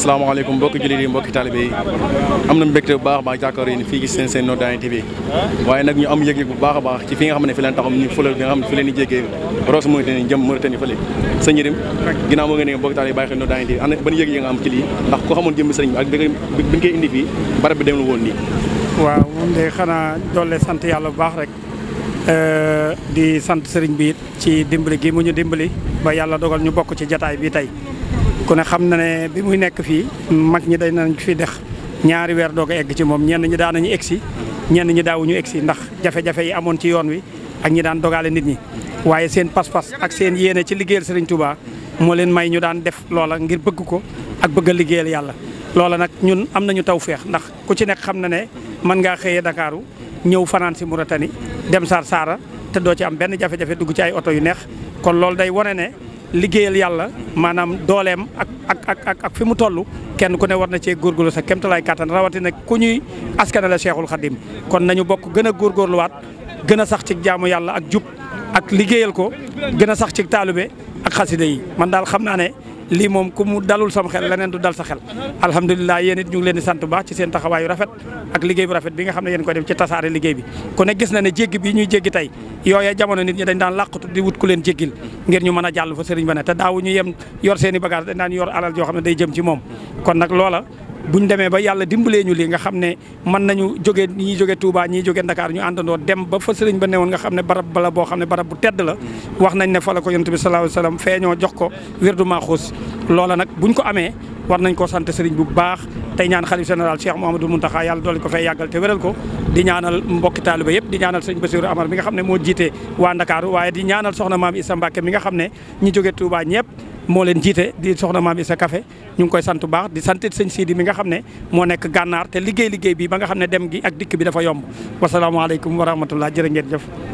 asalaamaaleykum mbokki jullit yi mbokki talibe am na mbégte bu baax a baax jàkkaar yéen fii ci seen seen Nord Diané TV waaye nag ñu am yëg-yëg bu baax a baax ci fi nga xam ne fi leen taxam ñu fulal bi nga xam ne fi leen di jéggee Rosso Mauritanie jëm Mauritanie fële sëñ Yérim moo nga ne mbokki talibe yi bàyyi xel Nord Diané TV ana ban yëg am ci lii ndax ko xamoon jëmbi sëriñ bi ak bi ñu koy indi fii barab bi demul woon nii waaw moom de xanaa doole sant yàlla bu baax rek di sant sëriñ bi ci dimbali gi mu ñu dimbali ba yàlla dogal ñu bokk ci jataay bi tey ku ne xam na ne bi muy nekk fii mag ñi day nañ fi dex ñaari weer doo ko egg ci moom ñenn ñi daan nañu egg si ñenn ñi daawuñu egg si ndax jafe-jafe yi amoon ci yoon wi ak ñi daan dogale nit ñi waaye seen pas-pas ak seen yéene ci liggéeyal Serigne Touba moo leen may ñu daan def loola ngir bëgg ko ak bëgg a liggéeyal yàlla. loola nag ñun am nañu taw feex ndax ku ci nekk xam na ne mën ngaa xëyee Dakaaru ñëw fanaan si Mauritanie dem saara te doo ci am benn jafe-jafe dugg ci ay oto yu neex kon loolu day wane liggéeyal yàlla maanaam dooleem ak ak ak ak ak fi mu toll kenn ku ne war na cee góorgóorlu sa kéemtalaay kàttan rawatina ku ñuy askanale Cheikhul Khadim kon nañu bokk gën a góorgóorluwaat gën a sax ci jaamu yàlla ak jub ak liggéeyal ko gën a sax ci taalube ak xasida yi man daal xam naa ne lii moom ku mu dalul sama xel leneen du dal sa xel alhamdulilah yéen it ñu leen sant bu baax ci seen taxawaayu rafet ak liggéey bu rafet bi nga xam ne yéen ko def ci tasaare liggéey bi ku ne gis na ne jéggi bi ñuy jéggi tey yooya jamono nit ñi dañ daan làqatu di wut ku leen jéggil ngir ñu mën a jàll fa sëriñ ba ne te daawu ñu yem yor seeni i bagage dañ daan yor alal joo xam ne day jëm ci moom kon nag loola buñ demee ba yàlla dimbalee ñu lii nga xam ne mën nañu jóge ñii jóge Touba ñii jóge Ndakaar ñu àndandoo dem ba fa sëriñ ba newoon nga xam ne barab bala boo xam ne barab bu tedd la mm. wax nañ ne fa la ko yonent bi sallallahu alayhi wasallam feeñoo jox ko wirdu Maxuus loola nag buñ ko amee war nañ koo sant sëriñ bu baax tey ñaan xalif général Cheikh Mouhamadou Mountakha yàlla doole ko fay yàggal te wéral ko di ñaanal mbokki taaliba yëpp di ñaanal sëriñ Bassirou Amar nga xam ne moo jiite waa Ndakaaru waaye di ñaanal soxna maam Issa Mbacke nga xam ne ñi jóge Touba ñëpp moo leen jiite di soxna maam sa kafe ñu ngi koy sant bu baax di sant sëñ Sidi mi nga xam ne moo nekk gànnaar te liggéey liggéey bi ba nga xam ne dem gi ak dikk bi dafa yomb wasalaamaaleykum wa rahmatullah jërë ngeen jëf